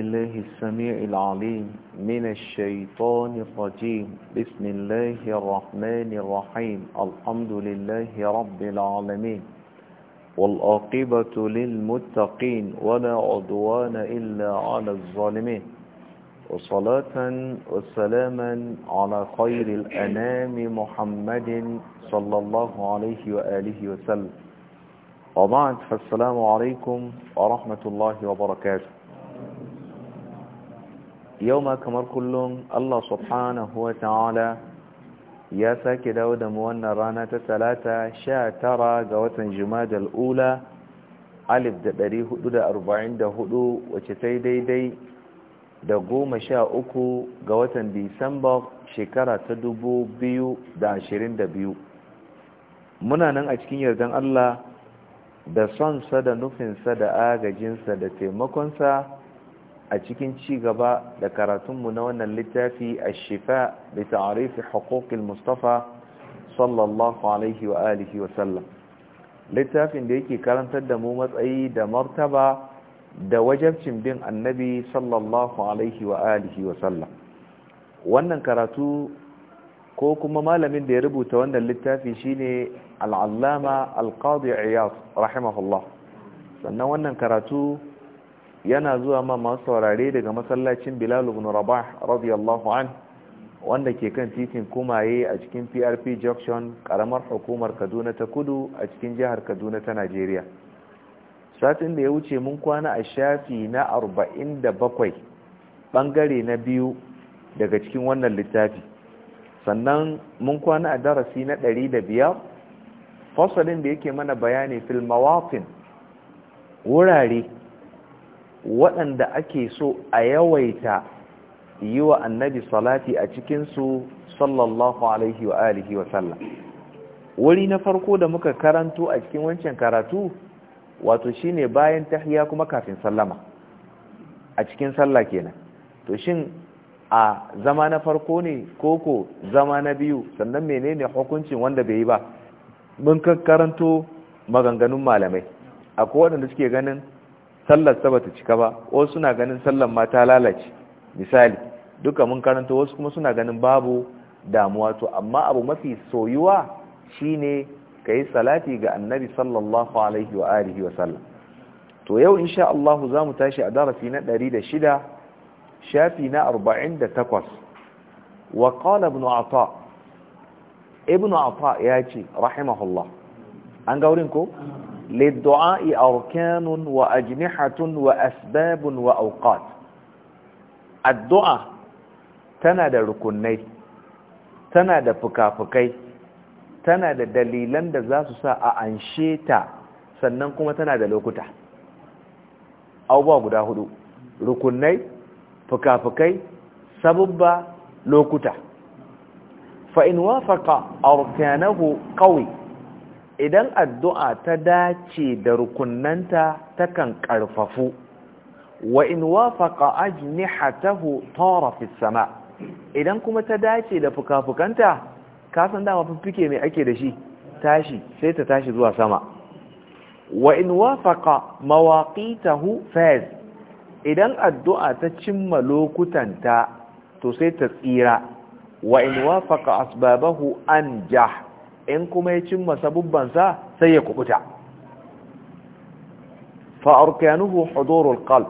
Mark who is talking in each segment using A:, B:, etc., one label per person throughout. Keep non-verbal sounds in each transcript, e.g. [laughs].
A: الله السميع العليم من الشيطان الرجيم بسم الله الرحمن الرحيم الحمد لله رب العالمين والآقبة للمتقين ولا عدوان إلا على الظالمين وصلاة وسلاما على خير الأنام محمد صلى الله عليه وآله وسلم وبعد فالسلام عليكم ورحمة الله وبركاته yau ma kamar kullum Allah subhanahu wa ta'ala ya sake dawo da mu wannan rana ta talata sha tara ga watan jumadal ula alif da ɗari hudu da arba'in da hudu wacce sai daidai da goma sha uku ga watan disamba shekara ta dubu biyu da ashirin da biyu muna nan a cikin yardan Allah da sonsa da nufinsa da agajinsa da taimakonsa a cikin ci gaba da karatunmu na wannan littafi a shifa da ta'arifi haƙoƙin mustafa sallallahu alaihi wa alihi wa sallam littafin da yake karantar da mu matsayi da martaba da wajabcin bin annabi sallallahu alaihi wa alihi wa sallam wannan karatu ko kuma malamin da ya rubuta wannan littafi shine al-allama al-qadi iyad rahimahullah sannan wannan karatu yana zuwa ma masu saurare daga masallacin bilal ibn rabah radiyallahu an wanda ke kan titin kumaye a cikin prp junction karamar hukumar kaduna ta kudu a cikin jihar kaduna ta najeriya satin da ya wuce mun kwana a shafi na 47 bangare na biyu daga cikin wannan littafi sannan mun kwana a darasi na 105 fasalin da yake mana bayani fil wurare waɗanda ake so a yawaita yi wa annabi salati a cikinsu sallallahu alaihi wa alihi wa sallam wuri na farko da muka karanto a cikin wancan karatu wato shine bayan tahiya kuma kafin sallama a cikin sallah kenan to shin a zama na farko ne koko zama na biyu sannan menene hukuncin wanda bai yi ba mun karanto maganganun malamai akwai waɗanda suke ganin sallar ta bata cika ba wasu suna ganin sallar ma ta lalace misali duka mun karanta wasu kuma suna ganin babu damuwa to amma abu mafi soyuwa shine kai salati ga annabi sallallahu alaihi wa alihi wa sallam to yau insha Allah zamu tashi a darasi na 106 shafi na 48 wa qala ibn ata ibn ata yace rahimahullah an ga wurin ko Liddu an iya wa ajinixatun wa asbabun wa aukat. Addu'a tana da rukunai, tana da fikafikai, tana da dalilan da za su sa a anshe ta sannan kuma tana da lokuta. Awu ba guda huɗu rukunai, fikafikai, sababa lokuta. Fa inuwa faka aukanahu kawai? idan addu'a ta dace da rukunnanta takan ƙarfafu wa in wafaqa ajnihatahu tara fi sama idan kuma ta dace da fukafukanta ka san dama fiffike mai ake da shi tashi sai ta tashi zuwa sama wa in wafaqa mawaqitahu faz idan addu'a ta cimma lokutanta to sai ta tsira wa in wafaqa asbabahu anjah in kuma ya cimma sabubbansa sai ya kubuta fa arkanuhu hudurul qalb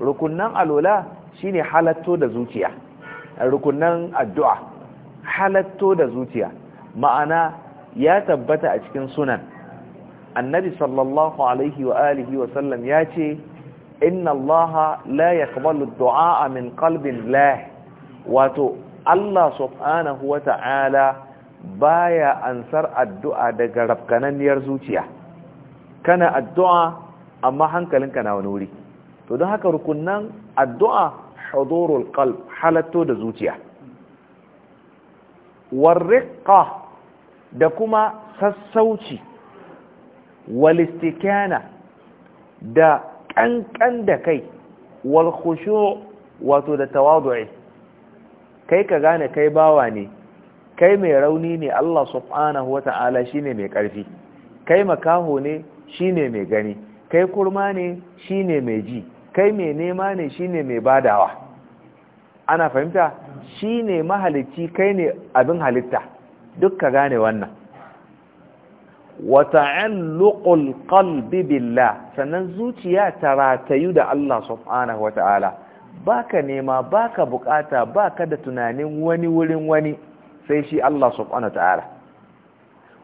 A: rukunan alula shine halatto da zuciya rukunan addu'a halatto da zuciya ma'ana ya tabbata a cikin sunan annabi sallallahu alaihi wa alihi wa sallam ya ce inna allaha la yaqbalu du'a min qalbin lah wato Allah subhanahu wa ta'ala baya ansar addu'a daga rafkananniyar zuciya kana addu'a amma hankalinka na wani wuri to don haka rukunan addu'a hudurul qalb halatto da zuciya warriqa da kuma sassauci walistikana da kankan da kai wal wato da tawadu'i kai ka gane kai bawa ne kai mai rauni ne Allah subhanahu wata'ala shine mai ƙarfi kai makaho ne shine mai gani kai kurma ne shine mai ji kai mai nema ne shine mai badawa ana fahimta shine mahalicci kai ne abin halitta duk ka gane wannan wata'alluqul qalbi billah sannan zuciya ta ratayu da Allah subhanahu wata'ala baka nema baka bukata baka da tunanin wani wurin wani sai shi Allah subhanahu wa ta'ala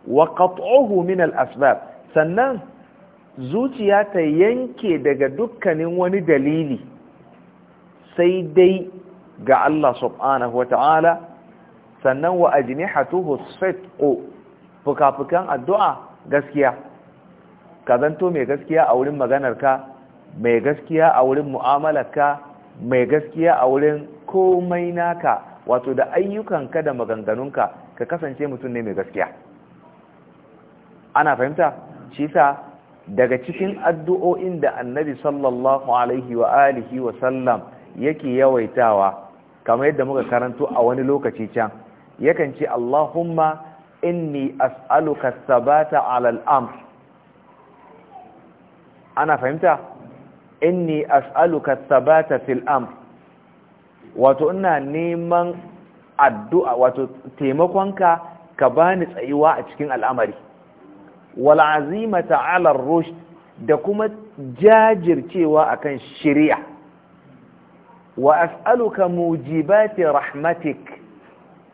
A: wa qat'uhu min al-asbab sannan zuciya ta yanke daga dukkanin wani dalili sai dai ga Allah subhanahu wa ta'ala sannan wa ajnihatuhu sidqu fukafukan addu'a gaskiya Kazanto mai gaskiya a wurin maganarka mai gaskiya a wurin mu'amalarka mai gaskiya a wurin komai naka wato da ayyukanka da maganganunka ka kasance mutum ne mai gaskiya ana fahimta shi sa daga cikin addu'o'in da annabi sallallahu alaihi wa alihi wa sallam yake yawaitawa kamar yadda muka karanto a wani lokaci can yakan ce Allahumma inni as'aluka sabata alal ana fahimta inni as'aluka sabata fil amr wato ina neman addu'a wato taimakonka ka bani tsayuwa a cikin al'amari wal azimata ala da kuma jajircewa kan shari'a wa as'aluka mujibati rahmatik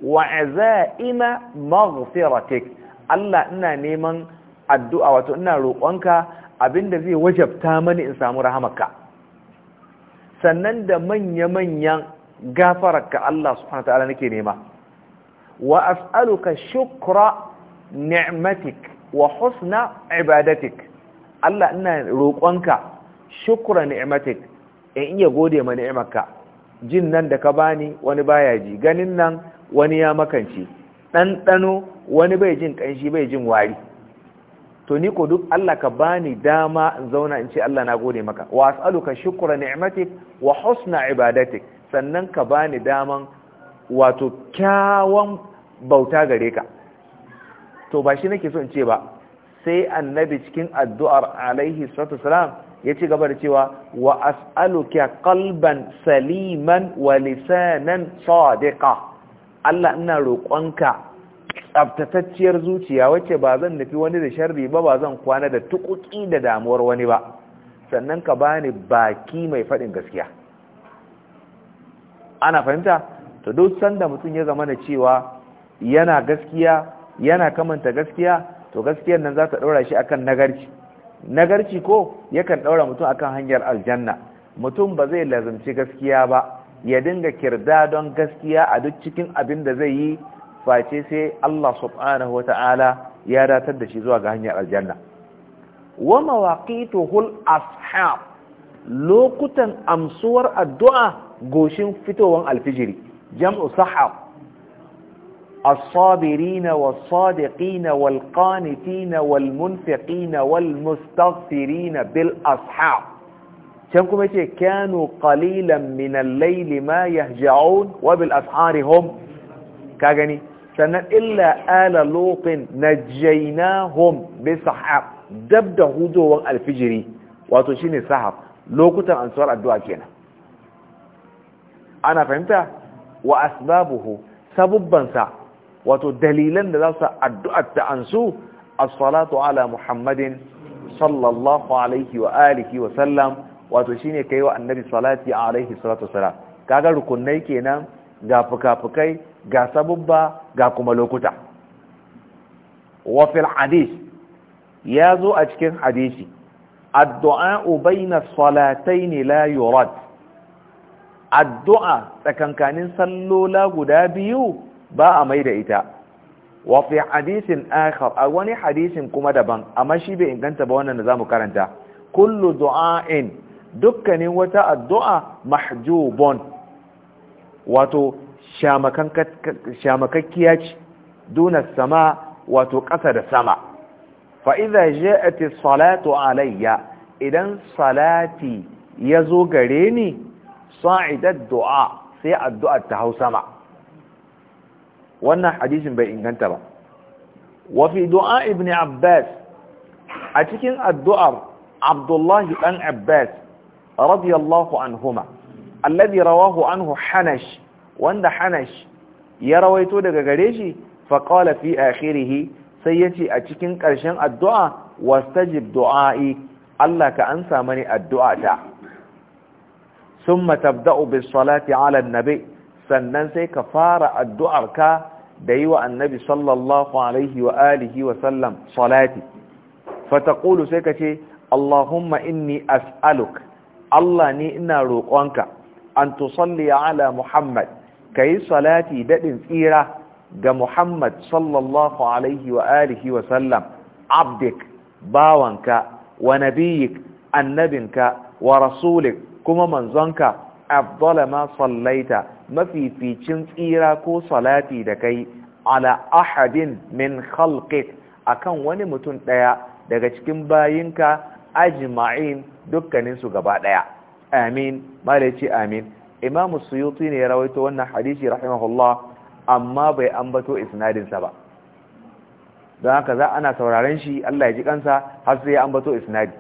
A: wa azaima maghfiratik Allah ina neman addu'a wato ina roƙonka abinda zai wajabta mani in samu rahamarka sannan da manya-manyan gafararka Allah subhanahu wa ta'ala nake nema wa as'aluka shukra ni'matik wa husna ibadatik Allah ina roƙonka shukra ni'matik in iya gode ma ni'imarka jin nan da ka bani wani baya ji ganin nan wani ya makance ɗanɗano wani bai jin ƙanshi bai jin wari to ni ko duk Allah ka bani dama in zauna in ce Allah na gode maka wa as'aluka shukra ni'matik wa husna ibadatik sannan ka bani daman wato kyawan bauta gare ka to ba shi nake so in ce ba sai annabi cikin addu'ar alaihi salatu salam ya ci gaba da cewa wa as'aluka qalban saliman wa lisanan sadiqa Allah ina roƙonka tsabtatacciyar zuciya wacce ba zan nufi wani da sharri ba ba zan kwana da tukuki da damuwar wani ba sannan ka bani baki mai faɗin gaskiya ana fahimta to duk sanda mutum ya zama da cewa yana gaskiya yana kamanta gaskiya to gaskiyar nan za ta ɗaura shi akan nagarci nagarci ko yakan ɗaura mutum akan hanyar aljanna mutum ba zai lazumci gaskiya ba ya dinga kirda don gaskiya a duk cikin abin da zai yi face sai Allah subhanahu wata'ala ya datar da shi zuwa ga hanyar aljanna wa mawaqituhul ashab lokutan amsuwar addu'a goshin fitowan alfijiri jam'u sahab الصابرين والصادقين والقانتين والمنفقين والمستغفرين بالأصحاب كم يتي كانوا قليلا من الليل ما يهجعون وبالأصحار هم كاغني سنة إلا آل لوط نجيناهم بصحاب دبدا هدوة الفجري واتوشيني صحاب لوكتا أنصار الدعاء كينا ana fahimta wa asbabuhu sabubbansa wato dalilan da za su addu'ar ta ansu as-salatu ala muhammadin sallallahu alaihi wa alihi wa sallam wato shine kai wa annabi salati alaihi salatu wasalam kaga rukunai kenan ga fukafukai ga sabubba ga kuma lokuta wa fil hadith yazo a cikin hadisi addu'a bayna salatayn la yurad addu'a tsakankanin sallola guda biyu ba a mai da ita wa fi hadisin akhar a wani hadisin kuma daban amma shi bai inganta ba wannan da zamu karanta kullu du'ain dukkanin wata addu'a mahjubun wato shamakakkiya ce duna sama wato ƙasa da sama fa idza ja'at as-salatu alayya idan salati yazo gare ni sa'idar du'a sai addu'ar ta hau sama wannan hadisin bai inganta ba wafi du'a ibn abbas a cikin addu'ar abdullahi ɗan abbas radiyallahu anhuma alladhi rawahu anhu hanash wanda hanash ya rawaito daga gare shi faƙala fi akhirihi sai ya ce a cikin ƙarshen addu'a wastajib du'a'i Allah ka an mani addu'a ta summa tabda'u bis salati ala sannan sai ka fara addu'arka da yi wa annabi sallallahu alaihi wa alihi wa sallam salati fataƙulu sai ka ce allahumma inni as'aluk allah ni ina roƙonka an tusalli ala muhammad kayi salati daɗin tsira ga muhammad sallallahu alaihi wa alihi wa sallam abdik bawanka wa nabiyik annabinka wa rasulik kuma manzonka afdala ma sallaita mafificin tsira ko salati da kai ala ahadin min khalqik akan wani mutum daya daga cikin bayinka ajma'in dukkanin su gaba daya amin malaci amin imam suyuti ne ya rawaito wannan hadisi rahimahullah amma bai ambato isnadin sa ba don haka za ana sauraron shi Allah ya ji kansa har sai ya ambato isnadi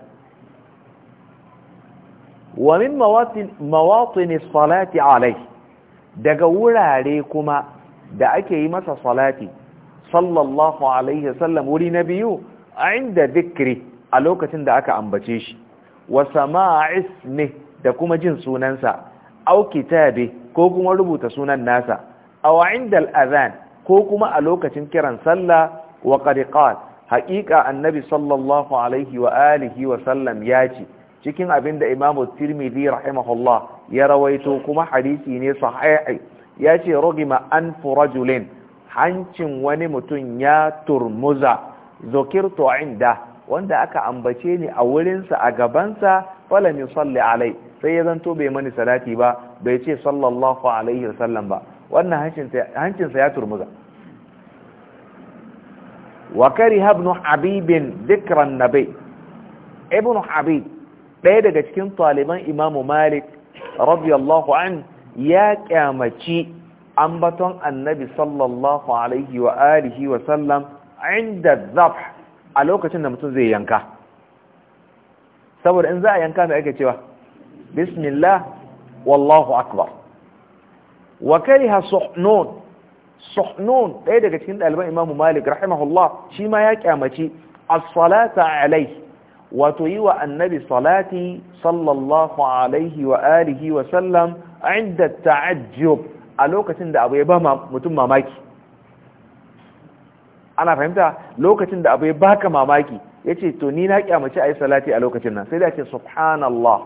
A: wa min mawatin salati alai daga wurare kuma da ake yi masa salati sallallahu alaihi sallam wuri na biyu a inda zikri a lokacin da aka ambace shi wa sama'is ne da kuma jin sunansa auki kitabe ko kuma rubuta sunan nasa aw inda al ko kuma a lokacin kiran sallah wa qad haƙiƙa annabi sallallahu alaihi wa alihi wa sallam cikin abin da imamu tirmidhi rahimahullah ya rawaito kuma hadisi ne sahihi ya ce rogima an furajulin hancin wani mutum ya turmuza zokirto inda wanda aka ambace ni a wurinsa a gabansa falam salli alai sai ya zanto bai mani salati ba bai ce sallallahu alaihi wasallam ba wannan hancinsa ya turmuza wa kariha ibn habib dhikran nabi ibn habib ɗaya daga cikin taliban imamu malik radiyallahu an ya kyamaci ambaton annabi sallallahu alaihi wa alihi wa sallam inda zaf a lokacin da mutum zai yanka saboda in za a yanka mai ake cewa bismillah wallahu akbar wa kariha suhnun suhnun ɗaya daga cikin ɗaliban imamu malik rahimahullah shi ma ya kyamaci as-salata alaihi wato yi wa annabi salati sallallahu alaihi wa alihi wa sallam inda ta'ajjub a lokacin da abu ya ba mutum mamaki ana fahimta lokacin da abu ya baka mamaki yace to ni na kyamace ayi salati a lokacin nan sai da ce subhanallah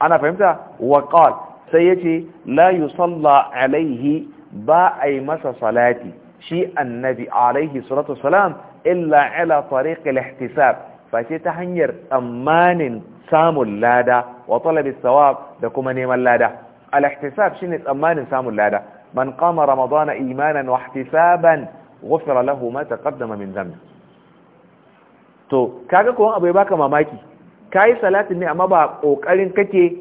A: ana fahimta wa qal sai yace la yusalla alaihi ba ai masa salati shi annabi alaihi salatu wassalam illa ala tariqil ihtisab face ta hanyar tsammanin samun lada wa talabi sawab da kuma neman lada al-ihtisab shine tsammanin samun lada man qama ramadana imanan wa ihtisaban ghufira lahu ma taqaddama min dhanbi to kaga ko abu ya baka mamaki kai salatin ne amma ba kokarin kake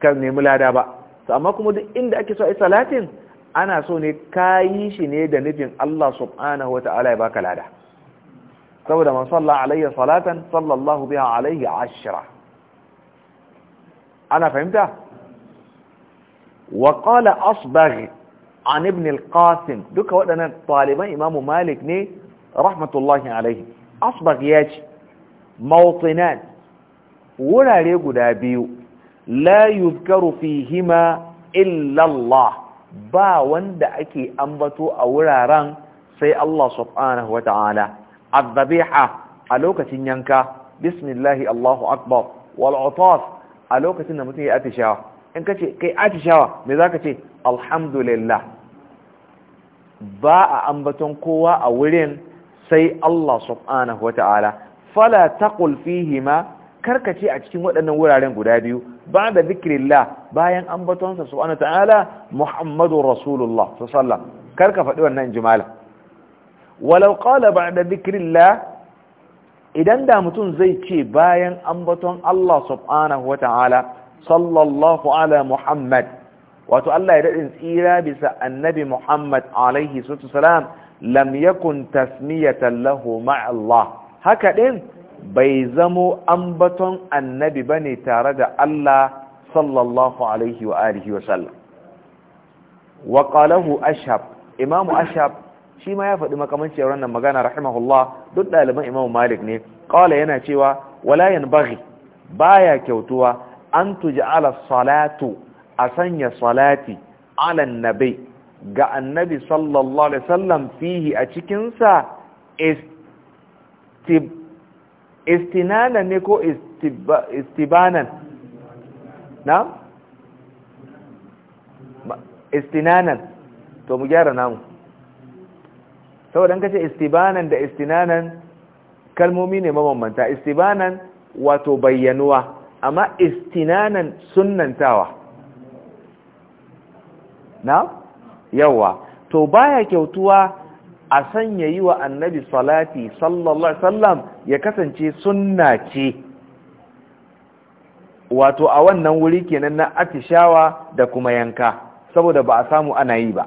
A: ka nemi lada ba to amma kuma duk inda ake so ai salatin ana so ne kayi shi ne da nufin Allah subhanahu wataala ya baka lada سود من صلى علي صلاة صلى الله بها عليه عشرة أنا فهمتها وقال أصبغ عن ابن القاسم دوك أنا طالبا إمام مالك ني رحمة الله عليه أصبغ ياج موطنان ولا ليقنا بيو لا يذكر فيهما إلا الله با وندعكي أنبتو أوراران سي الله سبحانه وتعالى الذبيحه a lokacin yanka bismillahi allahu akbar wal utaf a lokacin da mutum ya atishawa kace kai atishawa me ka ce alhamdulillah ba a ambaton kowa a wurin sai Allah subhanahu wataala fala taqul fihi ma ce a cikin waɗannan wuraren guda biyu ba da zikrillah bayan ambaton sa subhanahu wataala muhammadur rasulullah sallallahu alaihi wasallam karka faɗi wannan jimala walau qala ba'da dhikrillah idan da mutum zai ce bayan ambaton Allah subhanahu wata'ala sallallahu ala Muhammad wato Allah ya dadin tsira bisa annabi Muhammad alaihi salam lam yakun tasmiyatan lahu ma'a Allah haka din bai zamo ambaton annabi bane tare da Allah sallallahu alaihi wa alihi wa sallam wa qalahu ashab imamu ashab shi ma ya faɗi makamancin wannan magana rahimahullah duk ɗaliban imam malik ne ƙawala yana cewa wala yanbaghi baya kyautuwa an tuj'ala salatu a sanya salati ala nabi ga annabi sallallahu alaihi sallam fihi a cikinsa istinanan ne ko istibanan na istinanan to mu gyara namu saboda kace istibanan da istinanan kalmomi ne mabambanta istibanan wato bayyanuwa amma istinanan sunnantawa na yawa to baya kyautuwa a sanya yi wa annabi salati sallallahu alaihi sallam ya kasance sunna ce wato a wannan wuri kenan na atishawa da kuma yanka saboda ba a samu ana yi ba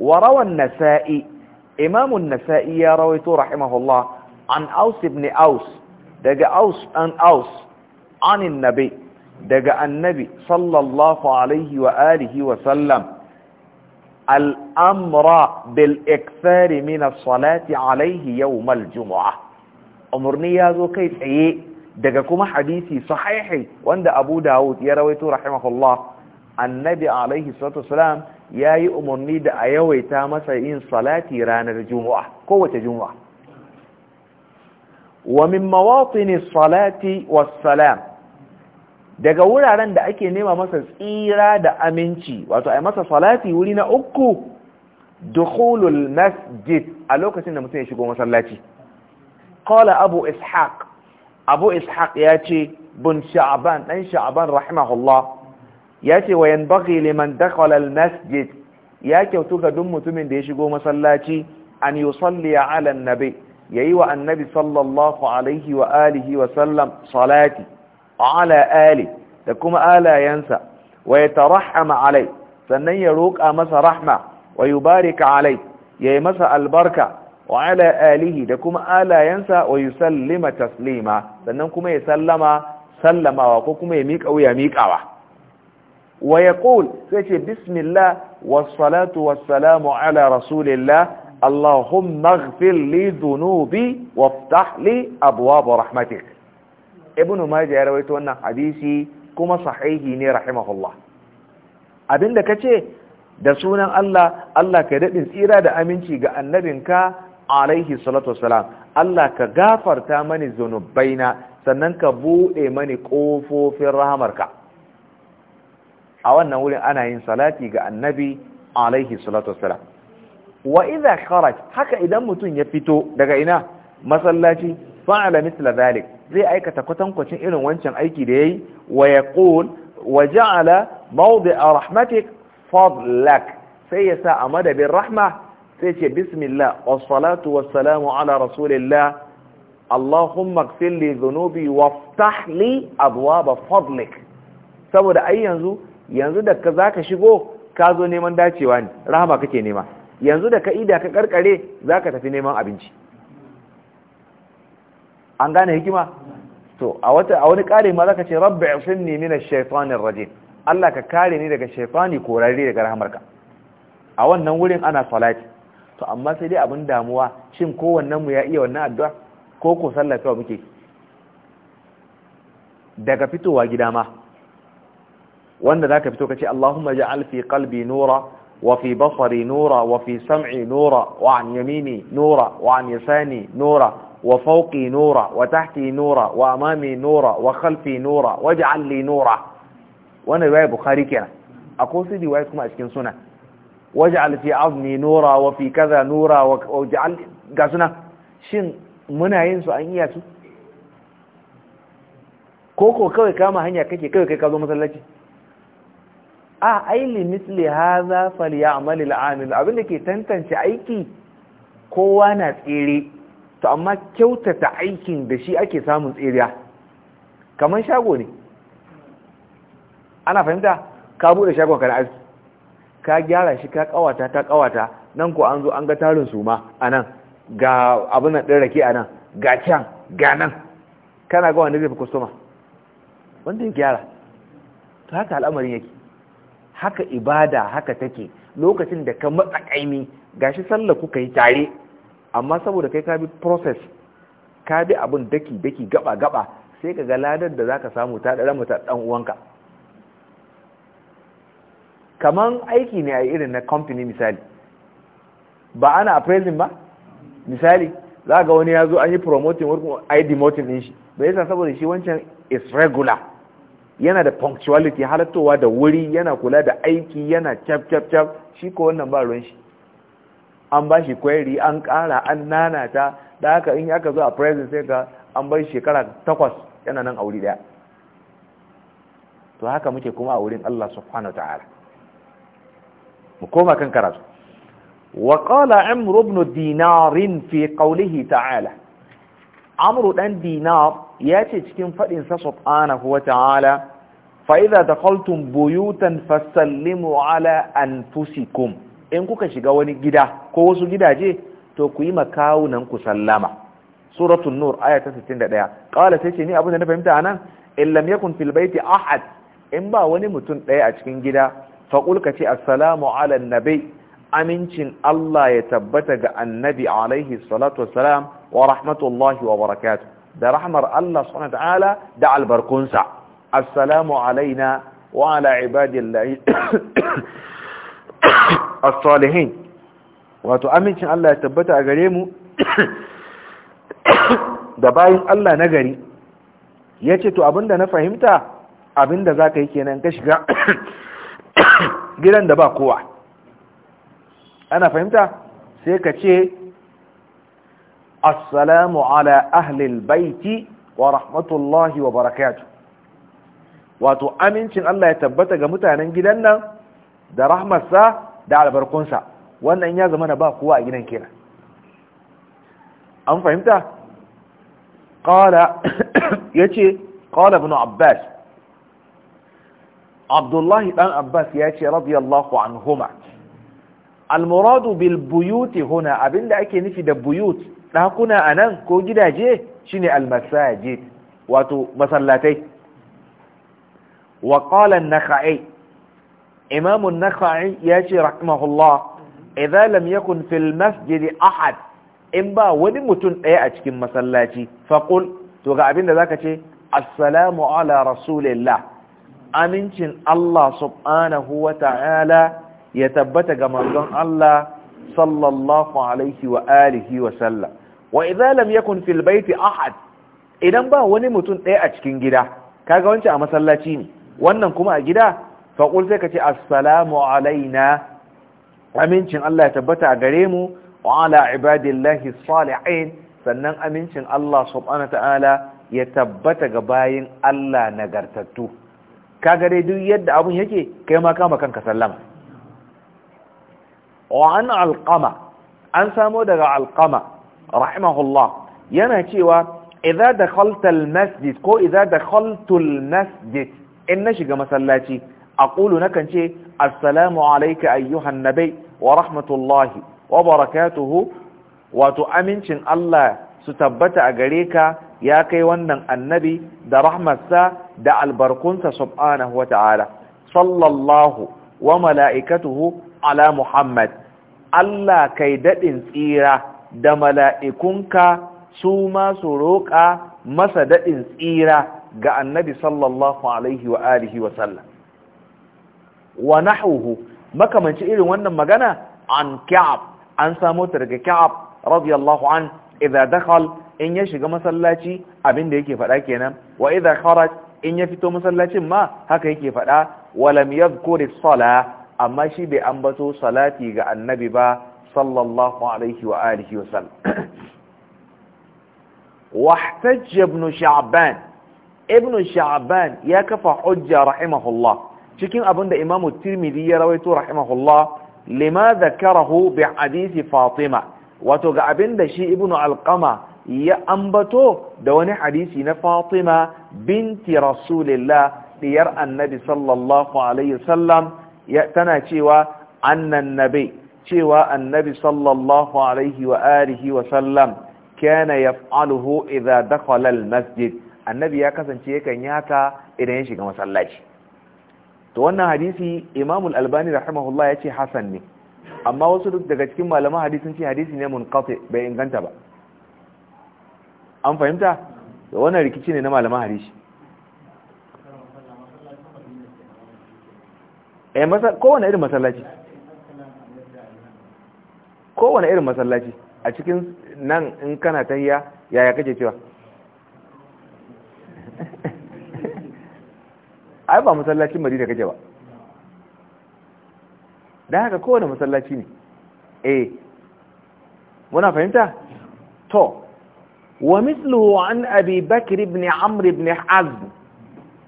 A: warawan nasa'i إمام النسائي رويته رحمه الله عن أوس بن أوس دقى أوس أن أوس عن النبي دقى النبي صلى الله عليه وآله وسلم الأمر بالإكثار من الصلاة عليه يوم الجمعة أمرني يا ذو كيف إيه دقى كما حديثي صحيحي واند أبو داود يرويته رحمه الله النبي عليه الصلاة والسلام ya yi umarni da a yawaita masa yin salati ranar juma'a kowace juma'a wa min mawatini salati wassalam daga wuraren da ake nema masa tsira da aminci wato a masa salati wuri na uku dukhulul masjid a lokacin da mutum ya shigo masallaci qala abu ishaq abu ishaq ya ce bin sha'ban dan sha'ban rahimahullah ya ce wa yanbaghi liman dakhala masjid ya kyautu ga dun mutumin da ya shigo masallaci an yusalli ala annabi yayi wa annabi sallallahu alaihi wa alihi wa sallam salati ala ali da kuma alayansa wa yatarahama alai sannan ya roƙa masa rahma wa barika alai yayi masa albarka wa ala alihi da kuma alayansa wa yusallima taslima sannan kuma ya sallama sallamawa ko kuma ya miƙa wuya miƙawa wa yaqul sai ce bismillah wassalatu wassalamu ala rasulillah اللهم اغفر لي ذنوبي وافتح لي ابواب رحمتك ابن ماجه رويت wannan hadisi kuma sahihi ne rahimahullah abinda kace da sunan Allah Allah ka daɗi tsira da aminci ga annabinka alaihi salatu Allah ka gafarta mani zunubaina sannan ka buɗe mani ƙofofin rahamarka a wannan wurin ana yin salati ga annabi alaihi salatu wassalam wa idza kharaj haka idan mutum ya fito daga ina masallaci fa'ala mithla zalik zai aikata kwatankwacin irin wancan aiki da yayi wa yaqul wa ja'ala mawdi'a rahmatik fadlak sai ya sa a madadin rahma sai ce bismillah wassalatu wassalamu ala rasulillah اللهم اغفر لي ذنوبي وافتح لي saboda ai yanzu yanzu da ka zaka shigo ka zo neman dacewa ne rahama kake nema yanzu da ka ida ka karkare zaka tafi neman abinci an gane hikima to a wata a wani kare ma zaka ce rabbi ifinni min ash-shaytanir rajim Allah ka kare ni daga shaytani korare daga rahamarka a wannan wurin ana salati to amma sai dai abin damuwa shin wannan mu ya iya wannan addu'a ko ko sallafa muke daga fitowa gida ma wanda zaka fito kace Allahumma ja'al fi qalbi nura wa fi basari nura wa fi sam'i nura wa an yamini nura wa an yasani nura wa fawqi nura wa tahti nura wa amami nura wa khalfi nura waj'al li nura wannan riwaya bukhari kenan akwai su riwaya kuma a cikin sunan waj'al fi 'azmi nura wa fi kaza nura wa waj'al ga sunan shin muna yin su an iya su koko kawai kama hanya kake kawai kai ka zo masallaci a aili misli haza falyamal al'amil abinda ke tantance aiki kowa na tsere to amma kyautata aikin da shi ake samun tseriya kamar shago ne ana fahimta ka bude shagon kan aski ka gyara shi ka kawata ta kawata nan ko an zo an ga tarin suma nan, ga abin nan ɗin rake nan, ga can ga nan kana ga wanda zai fi kwastoma wanda ya gyara ta haka al'amarin yake haka ibada haka take lokacin da ka matsa kaimi gashi sallah kuka yi tare amma saboda kai ka bi process ka bi abin daki daki gaba gaba sai ka ga ladar da zaka samu ta dara mata dan uwanka kaman aiki ne a irin na company misali ba ana appraising ba misali za ga wani ya zo an yi promoting work ai demoting din shi bai yasa saboda shi wancan is regular yana da punctuality halattowa da wuri yana kula da aiki yana cap cap cap shi ko wannan ba ruwan shi an ba shi kwairi an kara an nanata da haka in aka zo a present sai ga an bai shekara takwas yana nan aure daya to haka muke kuma a wurin Allah subhanahu ta'ala mu koma kan karatu wa qala amru ibn dinar fi qawlihi ta'ala amru dan dinar ya ce cikin faɗin sa subhanahu wa ta'ala fa idza dakhaltum buyutan fasallimu ala anfusikum in kuka shiga wani gida ko wasu gidaje to ku yi makawunan ku sallama suratun nur aya ta 61 qala sai ce ni abin da na fahimta anan in lam yakun fil ahad in ba wani mutum ɗaya a cikin gida fa ka ce assalamu ala annabi amincin Allah ya tabbata ga annabi alaihi salatu wassalam wa rahmatullahi wa barakatuh da rahmar Allah subhanahu ta'ala da albarkunsa assalamu alaina wa ala ibadillahi [coughs] as-salihin wato amincin Allah ya tabbata a gare mu [coughs] da bayin Allah na gari yace to abinda na fahimta abinda zaka yi kenan ka shiga [coughs] gidan da ba kowa ana fahimta sai ka ce assalamu ala ahli baiti wa rahmatullahi wa barakatu wato amincin Allah ya tabbata ga mutanen gidan nan da rahmarsa da albarkunsa wannan ya zama na ba kowa a gidan kenan an fahimta qala [coughs] yace qala ibn abbas abdullahi ɗan abbas yace radiyallahu anhuma almuradu bil buyut huna abinda ake nufi da buyut ɗakuna a nan ko gidaje shine almasajid wato masallatai wa na an Imamun imam an-nakhai yace rahimahullah Idan lam yakun fil masjid ahad in ba wani mutum ɗaya a cikin masallaci faƙul to ga abinda zaka ce assalamu ala rasulillah amincin Allah subhanahu wa ta'ala ya tabbata ga manzon Allah sallallahu alaihi wa alihi wa sallam wa idza lam yakun fil baiti ahad idan ba wani mutum ɗaya a cikin gida kaga wancan a masallaci ne wannan kuma a gida fa sai ka ce assalamu alaina amincin Allah ya tabbata a gare mu wa ala ibadillahi salihin sannan amincin Allah subhanahu ta'ala ya tabbata ga bayin Allah nagartattu kaga dai duk yadda abun yake kai ma kama kanka sallama wa an alqama an samo daga alqama rahimahullah yana cewa idza dakhalta almasjid ko idza dakhaltu almasjid in na shiga masallaci aqulu nakan ce assalamu alaika ayyuhan nabiy wa rahmatullahi wa barakatuhu wato amincin Allah su tabbata a gare ya kai wannan annabi da rahmarsa da albarkunsa subhanahu wata'ala sallallahu wa mala'ikatuhu ala Muhammad Allah kai daɗin tsira da mala'ikunka su ma su roƙa masa daɗin tsira ga annabi sallallahu alaihi wa alihi wa sallam wa nahuhu makamanci irin wannan magana an ka'ab an samo ta daga ka'ab radiyallahu an idza dakhal in ya shiga masallaci abin da yake faɗa kenan wa idza kharaj in ya fito masallacin ma haka yake faɗa wa lam yadhkur sala. salah amma shi bai ambato salati ga annabi ba sallallahu alaihi wa alihi wa sallam [clears throat] ibn sha'ban ibn ya kafa hujja rahimahullah cikin abinda imam tirmidhi ya rawaito rahimahullah lima zakarahu bi hadisi fatima wato ga abinda shi ibn alqama ya ambato da wani hadisi na fatima binti rasulillah diyar annabi sallallahu alaihi wasallam tana cewa annan nabi cewa annabi sallallahu alaihi wa alihi wa sallam kana yaf'aluhu idza dakhala al-masjid annabi ya kasance yakan yata idan ya shiga masallaci to wannan hadisi Imam al-Albani rahimahullah yace hasan ne amma wasu daga cikin malaman sun ce hadisi ne munqati bai inganta ba an fahimta da wannan rikici ne na malaman hadisi Eh, kowane irin masallaci kowane irin masallaci a cikin nan in kana tahiya yaya kake cewa [laughs] ai ba masallacin madina kake ba dan haka kowane masallaci ne eh muna fahimta to wa mithluhu an abi bakr ibn amr ibn hazm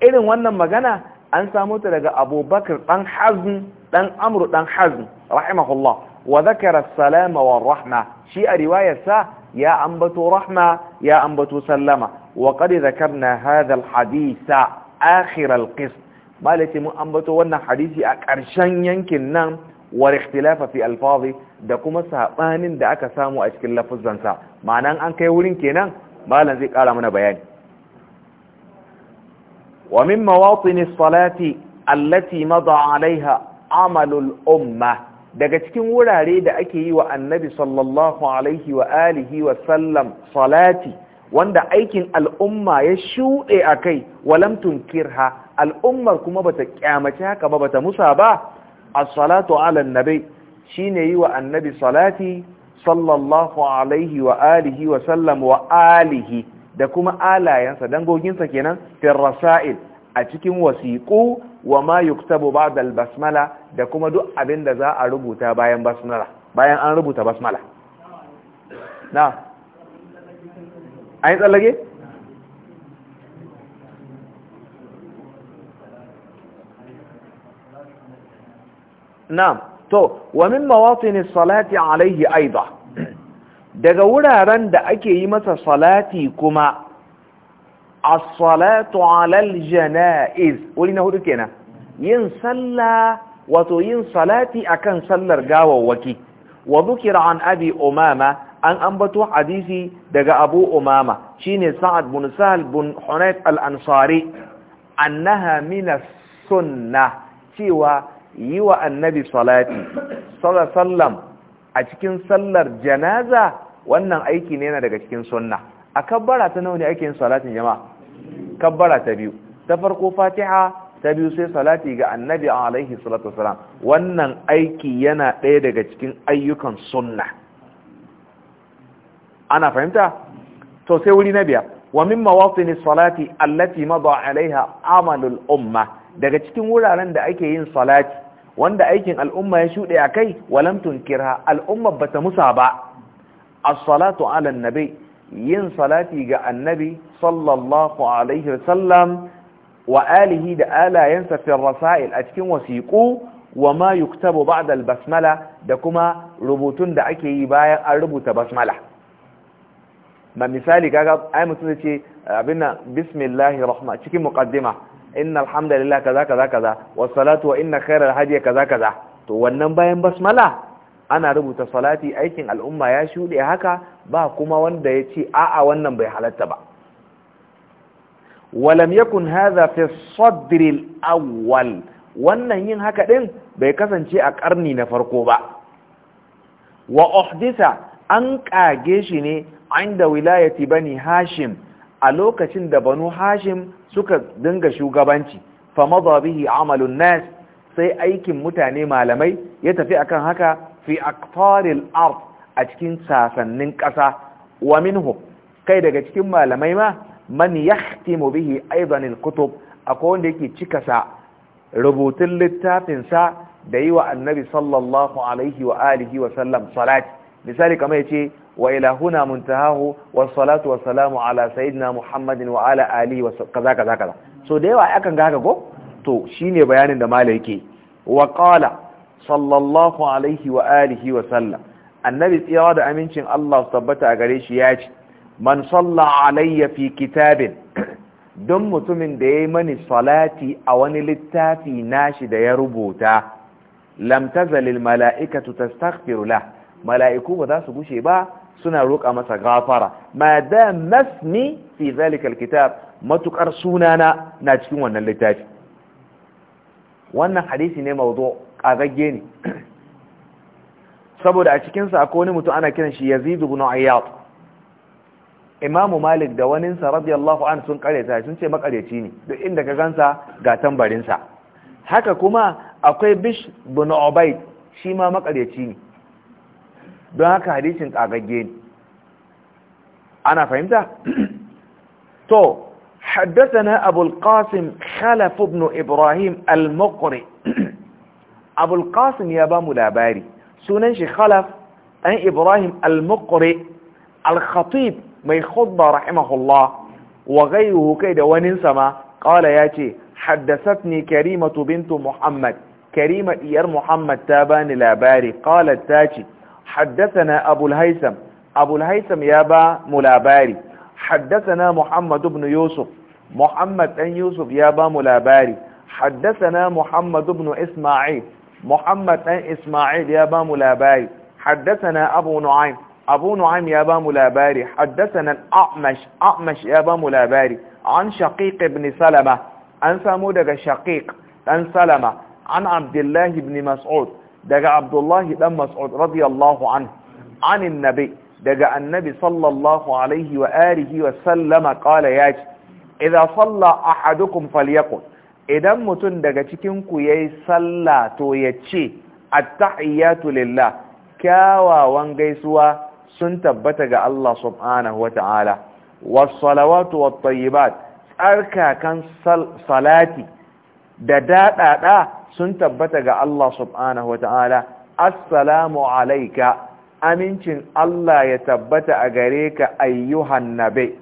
A: irin wannan magana an samu ta daga abubakar ɗan hazm ɗan amru ɗan hazm rahimahullah wa zakara salama wa rahma shi a riwayarsa ya ambato rahma ya ambato sallama wa qad zakar na al Akhirar akhir al qism malati mun ambato wannan hadisi a ƙarshen yankin nan war ikhtilafa fi alfazi da kuma sabanin da aka samu a cikin lafuzansa ma'anan an kai wurin kenan malam zai ƙara mana bayani ومن مواطن الصلاة التي مضى عليها عمل الأمة daga cikin wurare da ake yi wa annabi sallallahu alaihi wa alihi wa sallam salati wanda aikin al'umma ya shuɗe a kai walam tunkirha al'ummar kuma bata kyamace haka ba bata musa ba as-salatu ala annabi shine yi wa annabi salati sallallahu alaihi wa alihi wa sallam wa alihi da kuma alayensa dangoginsa kenan firrasa'il a cikin wasiƙu wa ma yuktabu ba'da basmala da kuma duk abin da za a rubuta bayan basmala bayan an rubuta basmala na ayi tsallage na to wa min mawatini salati alaihi aidan daga wuraren da ake yi masa salati kuma as-salatu alal janaiz wuri na hudu kenan yin sallah wato yin salati akan sallar gawawwaki wa dhukira an abi umama an ambato hadisi daga abu umama shine sa'ad bin sahal bin hunayt al-ansari annaha min as-sunnah cewa yi wa annabi salati sallallahu a cikin sallar janaza wannan aiki ne yana daga cikin sunna a kabbara ta nawa ne ake yin salatin jama'a kabbara ta biyu ta farko fatiha ta biyu sai salati ga annabi alaihi salatu wasalam wannan aiki yana ɗaya daga cikin ayyukan sunna ana fahimta to sai wuri na biya wa min mawaqin salati allati mada alaiha amalul umma daga cikin wuraren da ake yin salati wanda aikin al'umma ya shuɗe a kai walam tunkirha al'umma ba ta musa ba as-salatu ala annabi yin salati ga annabi sallallahu alaihi wasallam wa alihi da alayensa fi rasail a cikin wasiqu wa ma yuktabu ba'da al-basmala da kuma rubutun da ake yi bayan an rubuta basmala ma misali kaga ai mutum ce abin nan bismillahir rahman cikin muqaddima inna alhamdulillah kaza kaza kaza was salatu wa inna khairal hadi kaza kaza to wannan bayan basmala ana rubuta salati aikin al'umma ya shuɗe haka ba kuma wanda ya ce a'a wannan bai halatta ba walam yakun hadha fi sadr awwal wannan yin haka din bai kasance a karni na farko ba wa uhdisa an kage shi ne inda wilayati bani hashim a lokacin da banu hashim suka dinga shugabanci fa bihi amalun nas sai aikin mutane malamai ya tafi akan haka fi aqtaril ard a cikin sasannin ƙasa wa minhu kai daga cikin malamai ma man yahtimu bihi aidan alkutub akwai wanda yake cika sa rubutun littafin sa da yi wa annabi sallallahu alaihi wa alihi wa sallam salati misali kamar yace wa ila huna muntahahu salatu was ala sayyidina muhammadin wa ala kaza kaza kaza so da yawa akan ga haka ko to shine bayanin da malai yake wa qala sallallahu alaihi wa wa sallam annabi tsiyawa da amincin Allah su tabbata a gare shi ya ce man salla alayyafi kitabin [clears throat] don mutumin da ya yi mani salati a wani littafi nashi da ya rubuta lam tazalil mala'ikatu tastaghfiru la mala'iku ba za su bushe ba suna roƙa masa gafara ma da masni fi zalikal kitab matukar sunana na cikin wannan littafi wannan hadisi ne mawdu kazagge ne saboda a cikin sa akwai wani mutum ana kiran shi Yazid ibn Ayyad Imam Malik da wani sa radiyallahu anhu sun kareta sun ce makareci ne duk inda ka gansa ga tambarin sa haka kuma akwai Bish ibn Ubayd shi ma makareci ne don haka hadisin tsagagge ne ana fahimta [clears throat] to حدثنا أبو القاسم خلف بن إبراهيم المقري أبو القاسم يابا ملاباري سننشي خلف أن إبراهيم المقري الخطيب من خطبة رحمه الله وغيره كيد وننسما قال ياتي حدثتني كريمة بنت محمد كريمة إير محمد تابان لاباري قالت تاتي حدثنا أبو الهيثم أبو الهيثم يابا ملاباري حدثنا محمد بن يوسف محمد بن يوسف يابا ملاباري حدثنا محمد بن إسماعيل محمد بن إسماعيل يابا ملاباري حدثنا أبو نعيم أبو نعيم يابا ملاباري حدثنا الأعمش أعمش يابا ملاباري عن شقيق بن سلمة عن سامودك شقيق عن سلمة عن عبد الله بن مسعود daga abdullahi dan mas'ud radiyallahu anhu anin nabi daga annabi sallallahu alaihi wa alihi wa sallama qala yaji idza salla ahadukum falyaqul idan mutum daga cikin ku yi salla to ya ce attahiyatu lillah kyawawan gaisuwa sun tabbata ga Allah subhanahu wa ta'ala wassalawatu wat tsarkakan salati da daɗaɗa sun tabbata ga Allah subhanahu wata'ala assalamu alaika amincin Allah ya tabbata a gare ka ayyuhan nabi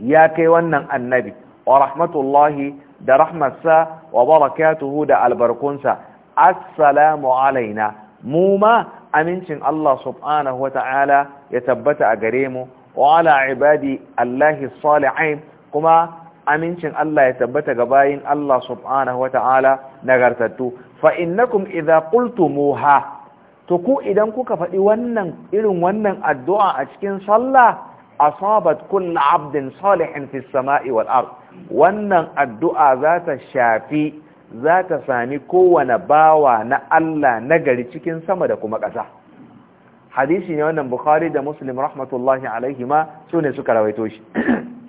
A: ya kai wannan annabi wa rahmatullahi da rahmatsa wa barakatuhu da albarkunsa assalamu alaina mu ma amincin Allah subhanahu wata'ala ya tabbata a gare mu wa ala ibadi Allahi salihin kuma amincin Allah ya tabbata ga bayin Allah subhanahu wata'ala nagartattu fa innakum idza qultumuha to ku idan kuka faɗi wannan irin wannan addu'a a cikin sallah asabat kullu abdin salihin fis sama'i wal ard wannan addu'a za ta shafi za ta sami kowane bawa na Allah nagari cikin sama da kuma ƙasa hadisi ne wannan bukhari da muslim rahmatullahi alaihima sune suka rawaito shi [coughs]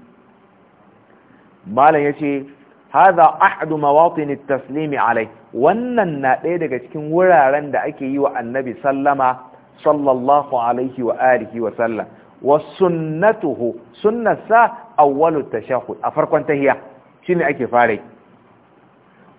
A: malam ce hadha ahadu mawatin taslimi alai wannan na ɗaya daga cikin wuraren da ake yi wa annabi sallama sallallahu alaihi wa alihi wa sallam wa sunnatuhu sunnasa awwalu tashahhud a farkon tahiya shine ake fare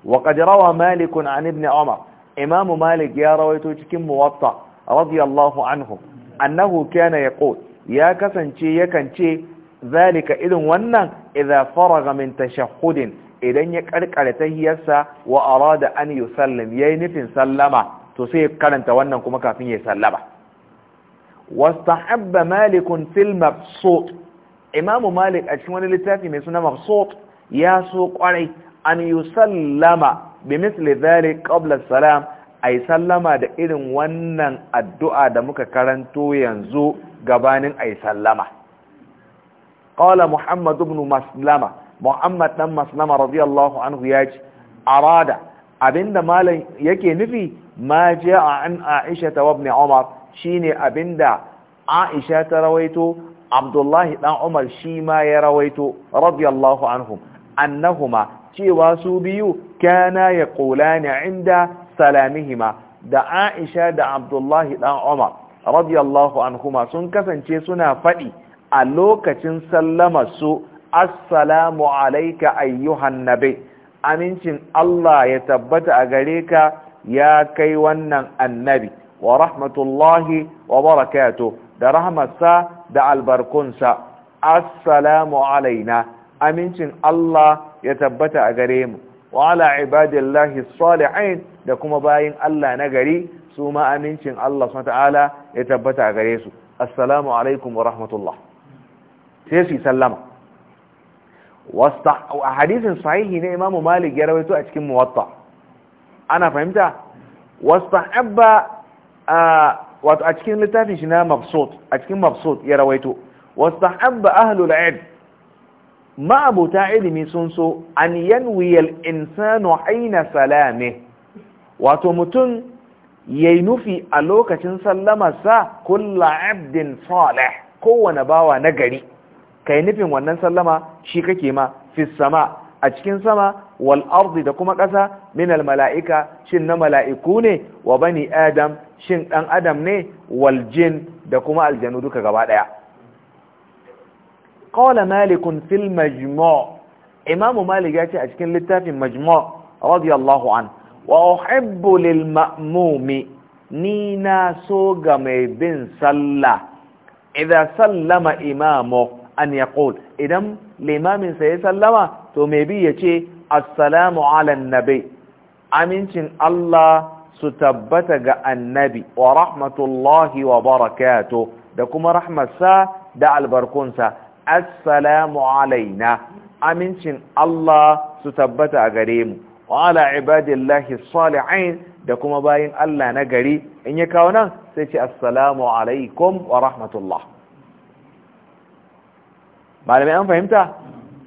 A: wa qad rawa malik an ibn umar imam malik ya rawaito cikin muwatta radiyallahu anhu annahu kana yaqul ya kasance yakan ce zalika irin wannan idza faraga min tashahhudin idan ya karkare tahiyarsa wa arada an yusallim yayi nufin sallama to sai karanta wannan kuma kafin ya sallama wastahabba malik fil mabsut imamu malik a cikin wani littafi mai suna mabsut ya so kwarai an yusallama bi misli dhalik qabla salam ay sallama da irin wannan addu'a da muka karanto yanzu gabanin ay sallama qala muhammad ibn maslama muhammad dan maslama radiyallahu anhu ce arada abinda malam yake nufi ma jaa an aisha ta ibn umar shine abinda aisha ta rawaito abdullahi dan umar shi ma ya rawaito radiyallahu anhum annahuma cewa su biyu kana yaqulani inda salamihima da aisha da abdullahi dan umar radiyallahu anhuma sun kasance suna faɗi a lokacin sallama su assalamu alaika ayyuhan nabi amincin Allah ya tabbata a gare ka ya kai wannan annabi wa rahmatullahi wa barakatu da rahmatsa da albarkunsa assalamu alaina amincin Allah ya tabbata a gare mu wa ala ibadillahi salihin da kuma bayin Allah na gari su ma amincin Allah subhanahu ya tabbata a gare su assalamu alaikum wa rahmatullah sai su yi sallama a hadisin sahihi ne imamu malik ya rawaito a cikin muwatta ana fahimta wasta'abba wato a cikin littafin shi na mabsut a cikin mabsut ya rawaito wasta'abba ahlul ilm ma'abuta ilimi sun so an yanwi al-insanu aina salame wato mutum yayi nufi a lokacin sa kulla abdin salih kowane bawa na gari kai nufin wannan sallama shi kake ma fi sama a cikin sama wal ardi da kuma ƙasa min al mala'ika shin na mala'iku ne wa bani adam shin dan adam ne wal jin da kuma aljanu duka gaba daya qala malik fil majmu' imam malik ya ce a cikin littafin majmu' radiyallahu an wa uhibbu lil ma'mumi ni na so ga mai bin sallah idan sallama imamu an yaqul idan limamin ya sallama to mai bi yace assalamu ala nabi amincin Allah su tabbata ga annabi wa rahmatullahi wa barakato da kuma rahmatsa da albarkunsa assalamu alaina amincin Allah su tabbata a gare mu wa ala ibadillahi salihin da kuma bayin Allah na gari in ya kawo nan sai ce assalamu alaikum wa rahmatullah malamai an fahimta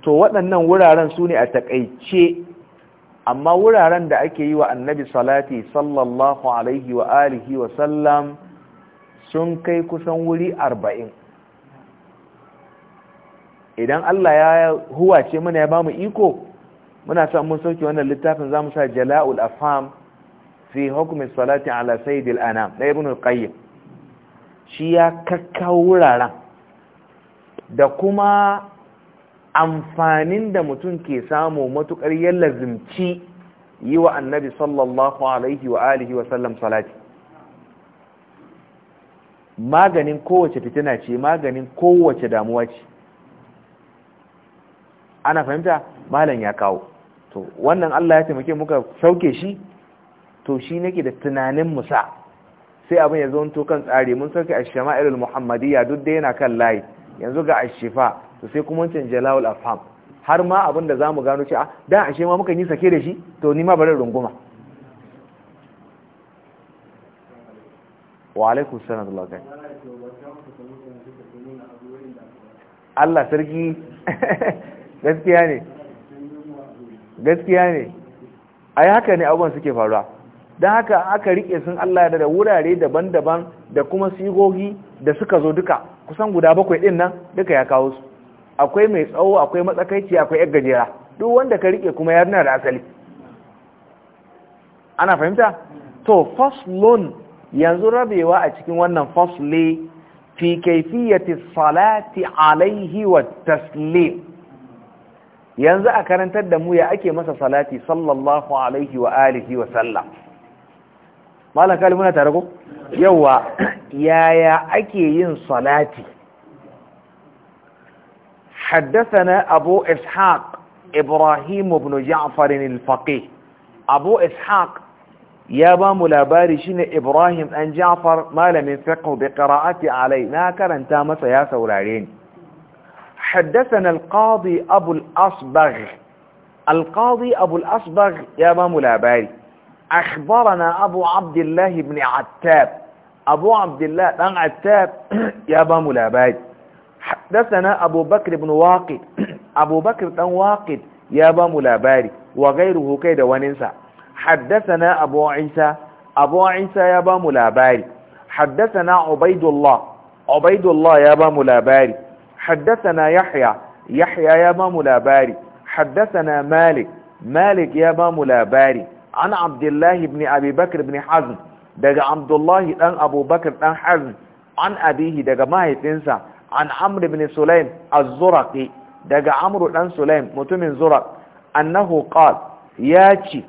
A: to waɗannan wuraren su ne a takaice amma wuraren da ake yi wa annabi salati sallallahu alaihi wa alihi wa sallam sun kai kusan wuri arba'in idan Allah ya huwace mana ya bamu iko muna son mun sauke wannan littafin zamu sa jala'ul afam fi hukumin salati ala sayyidil anam na ibn al shi ya kakkawo wuraren da kuma amfanin da mutum ke samu matuƙar yalla zimci yi wa annabi sallallahu alaihi wa alihi wa sallam salati maganin kowace fitina ce maganin kowace damuwa ce ana fahimta malam ya kawo to wannan Allah ya taimake muka sauke shi to shi nake da tunanin musa sai abin ya zo to kan tsari mun sauke a shama'ilul muhammadiyya duk da yana kan layi yanzu ga ashifa to sai kuma wancan jalawul afham har ma abin da zamu gano cewa da ashe ma muka yi sake da shi to ni ma bari runguma wa alaikum salam Allah kai Allah sarki [laughs] gaskiya ne gaskiya ne ai haka ne abubuwan suke faruwa don haka aka rike sun Allah da wurare daban-daban da kuma sigogi da suka zo duka kusan guda bakwai ɗin nan duka ya kawo su akwai mai tsawo akwai matsakaici akwai yar gajera duk wanda ka riƙe kuma yarinya da asali ana fahimta to faslun yanzu rabewa a cikin wannan fasli fi kaifiyati salati alaihi wa taslim yanzu a karantar da mu ya ake masa salati sallallahu alaihi wa alihi wa sallam malam kalimuna tare ko yawa yaya ake yin salati حدثنا أبو إسحاق إبراهيم بن جعفر الفقيه أبو إسحاق يا بام شن إبراهيم أن جعفر ما لم يفقه بقراءة علينا كرن تامس يا سولارين حدثنا القاضي أبو الأصبغ القاضي أبو الأصبغ يا بام لاباري أخبرنا أبو عبد الله بن عتاب abu abdullah dan attab ya ba مولا labari حدثنا أبو بكر بن واقد [clears throat] أبو بكر بن واقد يا مولا لاباري وغيره كيد وننسى حدثنا أبو عيسى أبو عيسى يا مولا لاباري حدثنا عبيد الله عبيد الله يا مولا لاباري حدثنا يحيى يحيى يا مولا لاباري حدثنا مالك مالك يا مولا لاباري عن عبد الله بن أبي بكر بن حزم daga abdullahi dan abubakar dan harin an abihi daga mahaifinsa an Amri ibn sulaim az daga amru dan sulaim mutumin zuraq annahu qala ya ce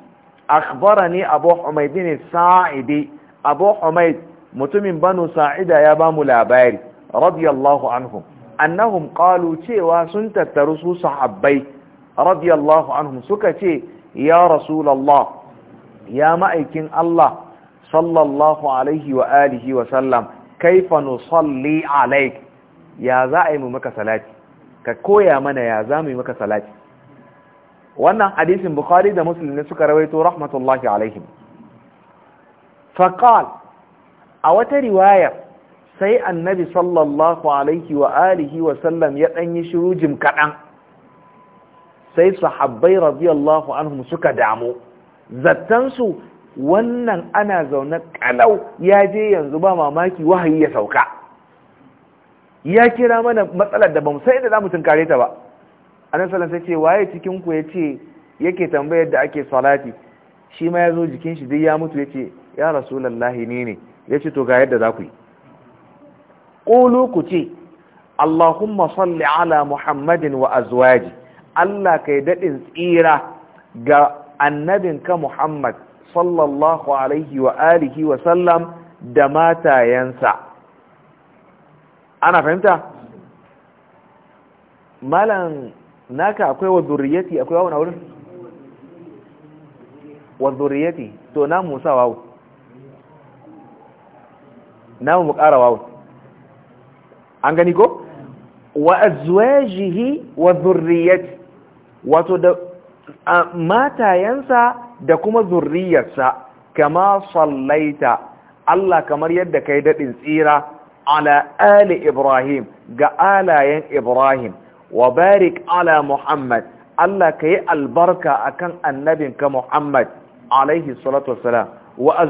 A: akhbarani abu humayd bin sa'idi abu humayd mutumin banu sa'ida ya bamu labari radiyallahu anhum annahum qalu cewa sun tattaru su sahabbai radiyallahu anhum suka ce ya rasulullah ya ma'aikin Allah sallallahu alaihi wa alihi wa sallam kaifa nusalli alaik ya za a yi mu maka salati ka koya mana ya za mu yi maka salati wannan hadisin bukhari da muslim ne suka rawaito rahmatullahi alaihim faqal a wata riwayar sai annabi sallallahu alaihi wa alihi wa sallam ya dan yi shiru jim kadan sai sahabbai radiyallahu anhum suka damu zattansu wannan ana zaune kalau ya je yanzu ba mamaki wahayi ya sauka ya kira mana matsalar da bamu sai da zamu tunkare ta ba annabi sallallahu sai ce waye cikin ku yace yake tambayar da ake salati shi ma yazo jikin shi dai ya mutu yace ya rasulullahi ne ne yace to ga yadda za ku yi qulu ku ce Allahumma salli ala Muhammadin wa azwaji Allah kai daɗin tsira ga annabinka Muhammad sallallahu alaihi wa alihi wa sallam da matayensa ana fahimta malan naka akwai wa zuriyati akwai wawon wurin wa zuriyati to na musa wawo na mu ƙara wawo an gani ko wa azwajihi wa zurriyati wato da matayensa da kuma zurriyarsa kama sallaita Allah kamar yadda kai daɗin tsira ala ali Ibrahim ga alayen Ibrahim wa barik ala Muhammad Allah ka yi albarka akan annabinka Muhammad alaihi salatu wa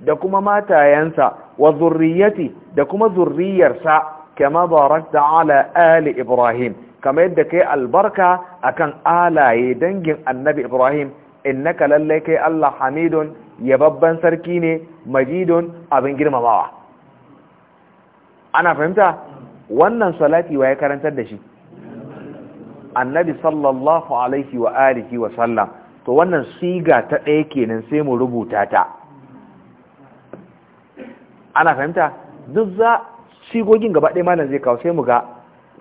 A: da kuma matayensa wa zurriyati da kuma zurriyarsa kama barakta ala ali Ibrahim kamar yadda kai albarka akan alaye dangin annabi ibrahim innaka lallai kai allah hamidun babban sarki ne majidun abin girmamawa ana fahimta wannan salati wa karantar da shi annabi sallallahu alaihi wa alihi wa sallam to wannan siga ta ɗaya kenan sai mu rubuta ta ana fahimta duk za shigogin gaba ɗaya malam zai kawo sai mu ga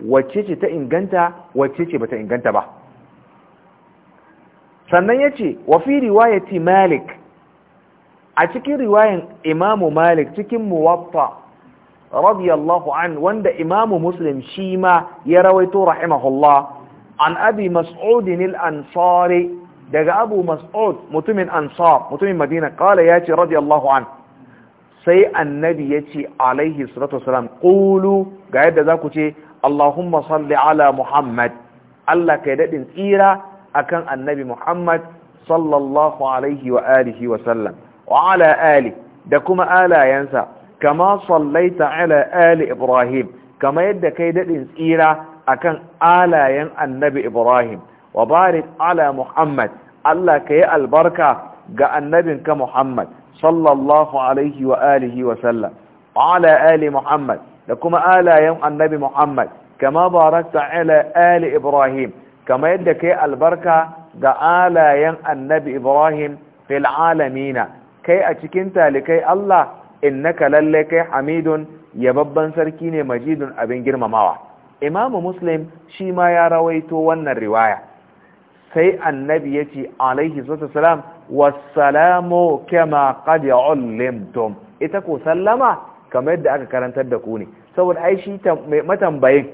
A: wacce ce ta inganta wacce ce bata inganta ba sannan yace wa fi riwayati malik a cikin riwayan imamu malik cikin muwatta radiyallahu an wanda imamu muslim shi ma ya rawaito rahimahullah an abi mas'udin al-ansari daga abu mas'ud mutumin ansar mutumin madina kala ya ce radiyallahu an sai annabi ya ce alaihi salatu wasalam ƙulu ga yadda za ku ce Allahumma salli ala Muhammad Allah kai daɗin tsira akan annabi Muhammad sallallahu alaihi wa alihi wa sallam wa ala ali da kuma alayansa kama sallaita ala ali Ibrahim kama yadda kai daɗin tsira akan alayen annabi Ibrahim wa barik ala Muhammad Allah kayi albarka ga annabinka Muhammad sallallahu alaihi wa alihi wa sallam wa ala ali Muhammad da kuma alayen annabi Muhammad kama barakta ala ali Ibrahim kama yadda kai albarka ga alayen annabi Ibrahim fil alamina kai a cikin talikai Allah innaka lalle kai hamidun yababban sarki ne majidun abin girmamawa Imam Muslim shi ma ya rawaito wannan riwaya sai annabi yace alaihi wassalam wassalamu kama qad ullimtum ita ko sallama kamar yadda aka karantar da ku ne saboda ai shi matambayin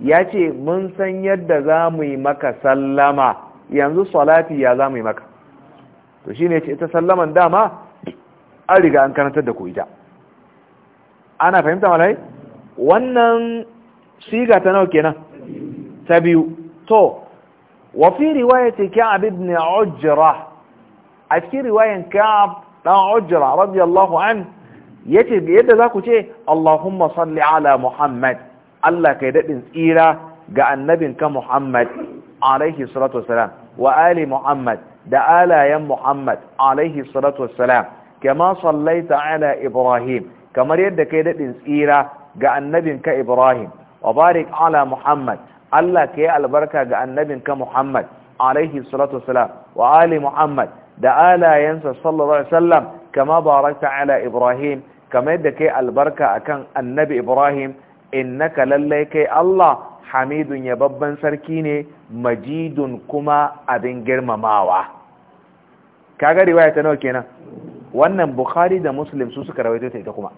A: ya ce mun san yadda za mu yi maka sallama yanzu salati ya za mu yi maka to shi ne ce ita sallaman dama an riga an karantar da ku ita ana fahimta malai wannan shiga ta nauke kenan ta biyu to wafi riwayata ka'ab ibn ujra a cikin riwayan ka'ab dan ujra radiyallahu an yace da yadda za ku ce Allahumma salli ala Muhammad Allah kai daɗin tsira ga annabinka Muhammad alaihi salatu wassalam wa ali Muhammad da alayen Muhammad alaihi salatu wassalam kama sallaita ala Ibrahim kamar yadda kai daɗin tsira ga annabinka Ibrahim wa barik ala Muhammad Allah kai albarka ga annabinka Muhammad alaihi salatu wassalam wa ali Muhammad da alayensa sallallahu alaihi wasallam kama barakta ala Ibrahim kamar yadda kai albarka akan annabi ibrahim innaka lallai kai allah hamidun babban sarki ne majidun kuma abin girmamawa kaga riwaya ta nawa kenan wannan bukhari da muslim su suka rawaito ta ita kuma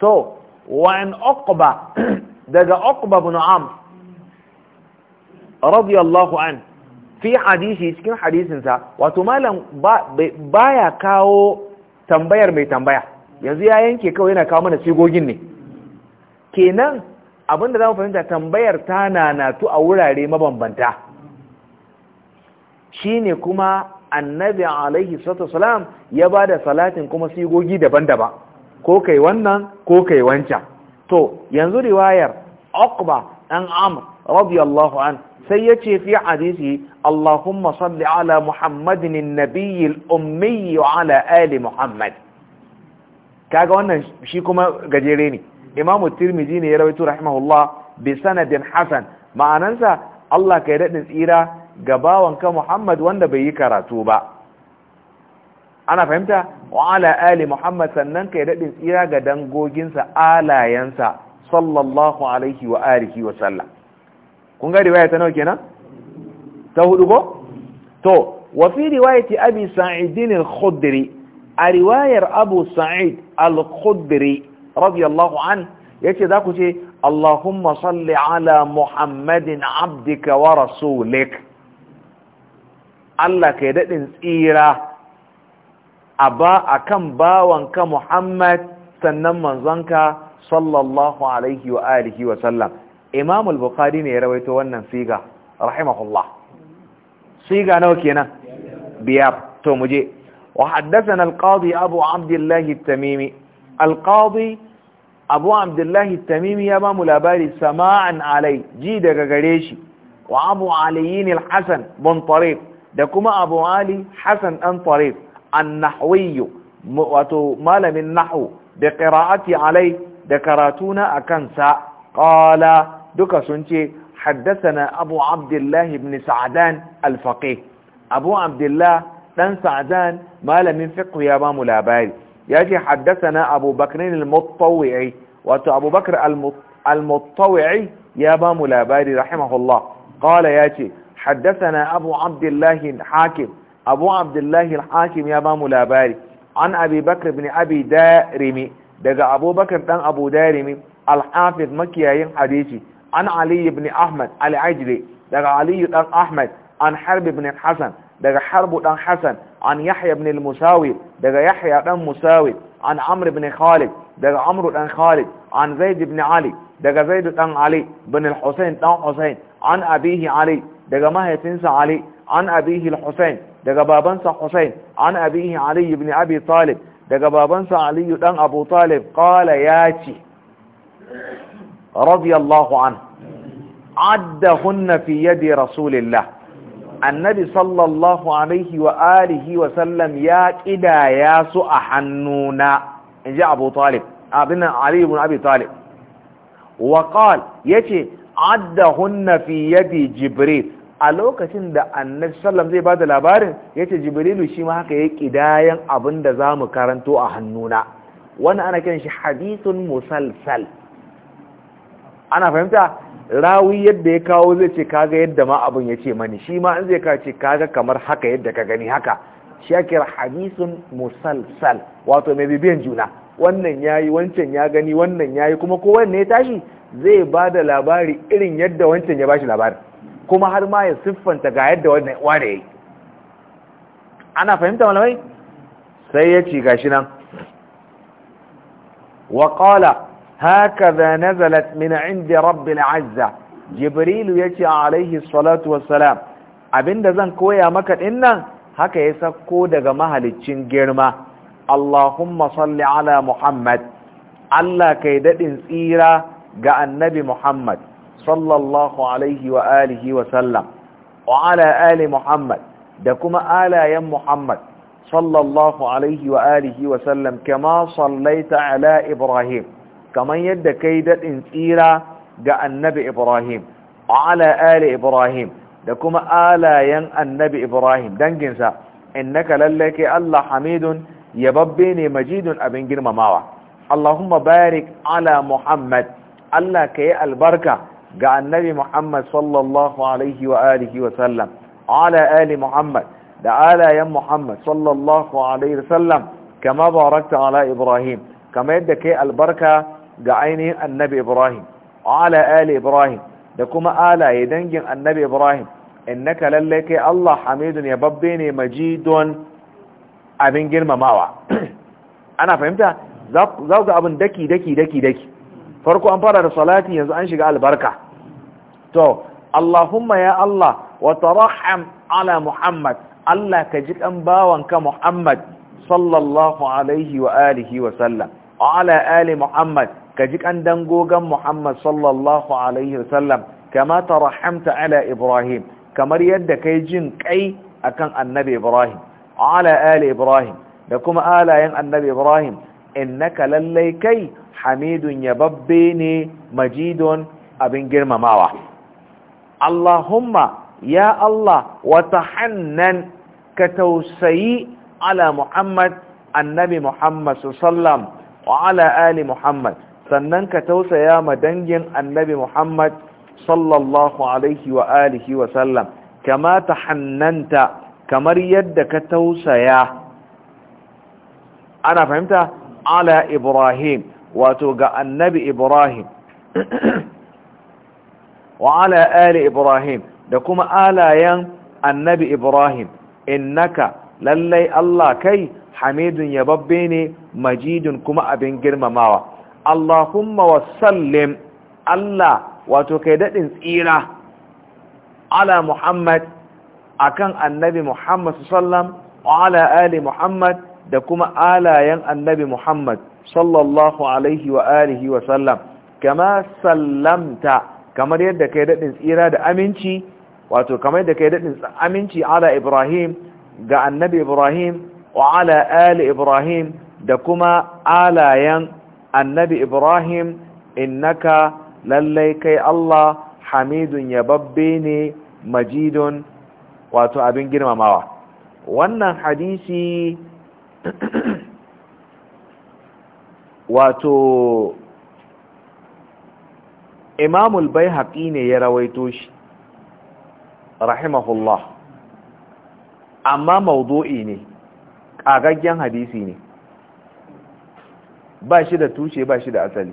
A: to an uqba [clears throat] daga uqba ibn am radiyallahu an fi hadisi cikin hadisin sa wato malam baya kawo tambayar mai tambaya yanzu ya yanke kawai yana kawo mana sigogin ne kenan abinda za mu fahimta tambayar ta na natu a wurare mabambanta Shi ne kuma annabi alaihi salatu wasalam ya ba da salatin kuma sigogi daban-daban ko kai wannan ko kai wancan to yanzu riwayar Okba ɗan amr radiyallahu an sai ya ce fi hadisi Allahumma salli ala Muhammadin annabiyyi al-ummi wa ala ali Muhammad kaga wannan shi kuma gajere ne Imam Tirmidhi ne ya rawaito rahimahullah bi sanadin hasan ma'anansa Allah kai dadin tsira ga bawanka Muhammad wanda bai yi karatu ba ana fahimta wa ala ali Muhammad sannan kai daɗin tsira ga dangoginsa alayansa sallallahu alaihi wa alihi wa kun ga riwaya ta nawa kenan ta hudu ko to wafi fi riwayati abi sa'idin al-khudri a riwayar abu sa'id al-khudri radiyallahu an yace za ku ce Allahumma salli ala Muhammadin abdika wa rasulik Allah kai daɗin tsira a ba kan bawanka Muhammad sannan manzonka sallallahu alaihi wa alihi wa sallam imam al-bukhari ne ya rawaito wannan siga rahimahullah siga nawa kenan biyar to muje wa haddathana al-qadi abu abdullah at-tamimi al-qadi abu abdullah at-tamimi ya ba mu labari sama'an alai ji daga gare shi wa abu aliyin al-hasan bin tariq da kuma abu ali hasan dan tariq an-nahwi wato malamin nahwu da qira'ati alai da karatuna akan sa qala duka sun ce haddasana abu abdullah ibn sa'adan al-faqih abu abdullah dan sa'adan malamin fiqh ya ba mu labari yaji haddasana abu bakrin al wato abu bakr al ya ba mu labari rahimahullah qala yace haddasana abu abdullah abu abdullah ya ba mu labari an abi bakr ibn abi darimi daga abu bakr dan abu darimi al-hafiz makiyayin hadisi an ali ibn ahmad al-ajli daga ali dan ahmad an harb ibn hasan daga harbu dan hasan an yahya ibn al-musawi daga yahya dan musawi an amr ibn khalid daga amr dan khalid an zaid ibn ali daga zaid dan ali ibn al-husayn dan husayn an abihi ali daga mahaifinsa ali an abihi al-husayn daga babansa husayn an abihi ali ibn abi talib daga babansa ali dan abu talib qala yaci. radiyallahu an addahunna fi rasulillah annabi sallallahu alaihi wa alihi wa sallam ya kidaya su a hannuna inji abu talib abin ali ibn talib wa yace addahunna fi jibril a lokacin da annabi sallam zai bada labarin yace jibrilu shi ma haka ya kidayan abinda zamu karanto a hannuna wannan ana kiran shi hadithun musalsal ana fahimta rawi yadda ya kawo zai ce kaga yadda ma abin ya ce mani shi ma in zai kawo ce kaga kamar haka yadda ka gani haka shakir hadisun musalsal wato mai bibiyan juna wannan yayi wancan ya gani wannan yayi kuma kowanne ya tashi zai ba da labari irin yadda wancan ya bashi labari kuma har ma ya siffanta ga yadda wannan wane yayi ana fahimta malamai sai ya ci gashi nan wa qala hakaza nazalat min inda rabbil azza jibrilu yace alaihi salatu wassalam abinda zan koya maka ɗinnan haka ya sako daga mahaliccin girma Allahumma salli ala Muhammad Allah kai daɗin tsira ga annabi Muhammad sallallahu alaihi wa alihi wa sallam wa ala ali Muhammad da kuma alayen Muhammad sallallahu alaihi wa alihi wa kama sallaita ala Ibrahim kamar yadda kai daɗin tsira ga annabi Ibrahim ala ali Ibrahim da kuma alayen annabi Ibrahim danginsa innaka lallake Allah hamidun yababbe ne majidun abin girmamawa Allahumma barik ala Muhammad Allah kai albarka ga annabi Muhammad sallallahu alaihi wa alihi wa sallam ala ali Muhammad da alayen Muhammad sallallahu alaihi wa sallam kama barakta ala Ibrahim kama yadda kai albarka ga ainihin annabi ibrahim ala ali ibrahim da kuma alaye dangin annabi ibrahim innaka lalle kai allah hamidun ya babbe ne don abin girmamawa [clears throat] ana fahimta za ku ga abin daki daki daki daki farko an fara da salati yanzu an shiga albarka to allahumma ya allah wa taraham ala muhammad allah ka ji dan bawanka muhammad sallallahu alaihi wa alihi wa sallam ala ali muhammad ka ji kan gogon Muhammad sallallahu alaihi wasallam kama tarahamta ala Ibrahim kamar yadda kai jin kai akan annabi Ibrahim ala ali Ibrahim da kuma alayen annabi Ibrahim innaka lallai kai hamidun yababbe ne majidun abin girmamawa Allahumma ya Allah wata hannan ka tausayi ala Muhammad annabi Muhammad sallam wa ala ali Muhammad sannan ka tausaya ma dangin annabi Muhammad sallallahu alaihi wa alihi wa sallam kama kamar yadda ka tausaya ana fahimta ala Ibrahim wato ga annabi Ibrahim wa ala ali Ibrahim da kuma alayen annabi Ibrahim innaka lallai Allah kai hamidun yababbe ne majidun kuma abin girmamawa Allahumma wasallim Allah wato kai daɗin tsira ala Muhammad akan annabi Muhammad sallam wa ala ali Muhammad da kuma alayen annabi Muhammad sallallahu alaihi wa alihi wa sallam kama sallamta kamar yadda kai daɗin tsira da aminci wato kamar yadda kai daɗin aminci ala Ibrahim ga annabi Ibrahim wa ala ali Ibrahim da kuma alayen annabi ibrahim innaka lallai kai allah hamidun yababbe ne majidun wato abin girmamawa wannan hadisi wato imamul bai ne ya rawaito shi rahimahullah amma maudu'i ne ƙagaggen hadisi ne ba shi da tushe ba shi da asali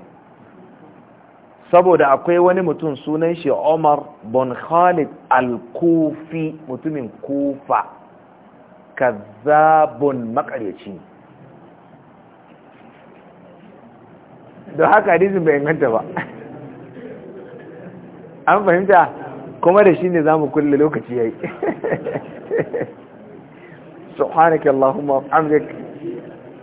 A: saboda akwai wani mutum sunan shi Omar bin Khalid al-Kufi mutumin Kufa kazzabun makaryaci don haka hadisin bai inganta ba [laughs] an fahimta kuma da shi ne za mu kulle lokaci yayi [laughs] allahumma wa bihamdika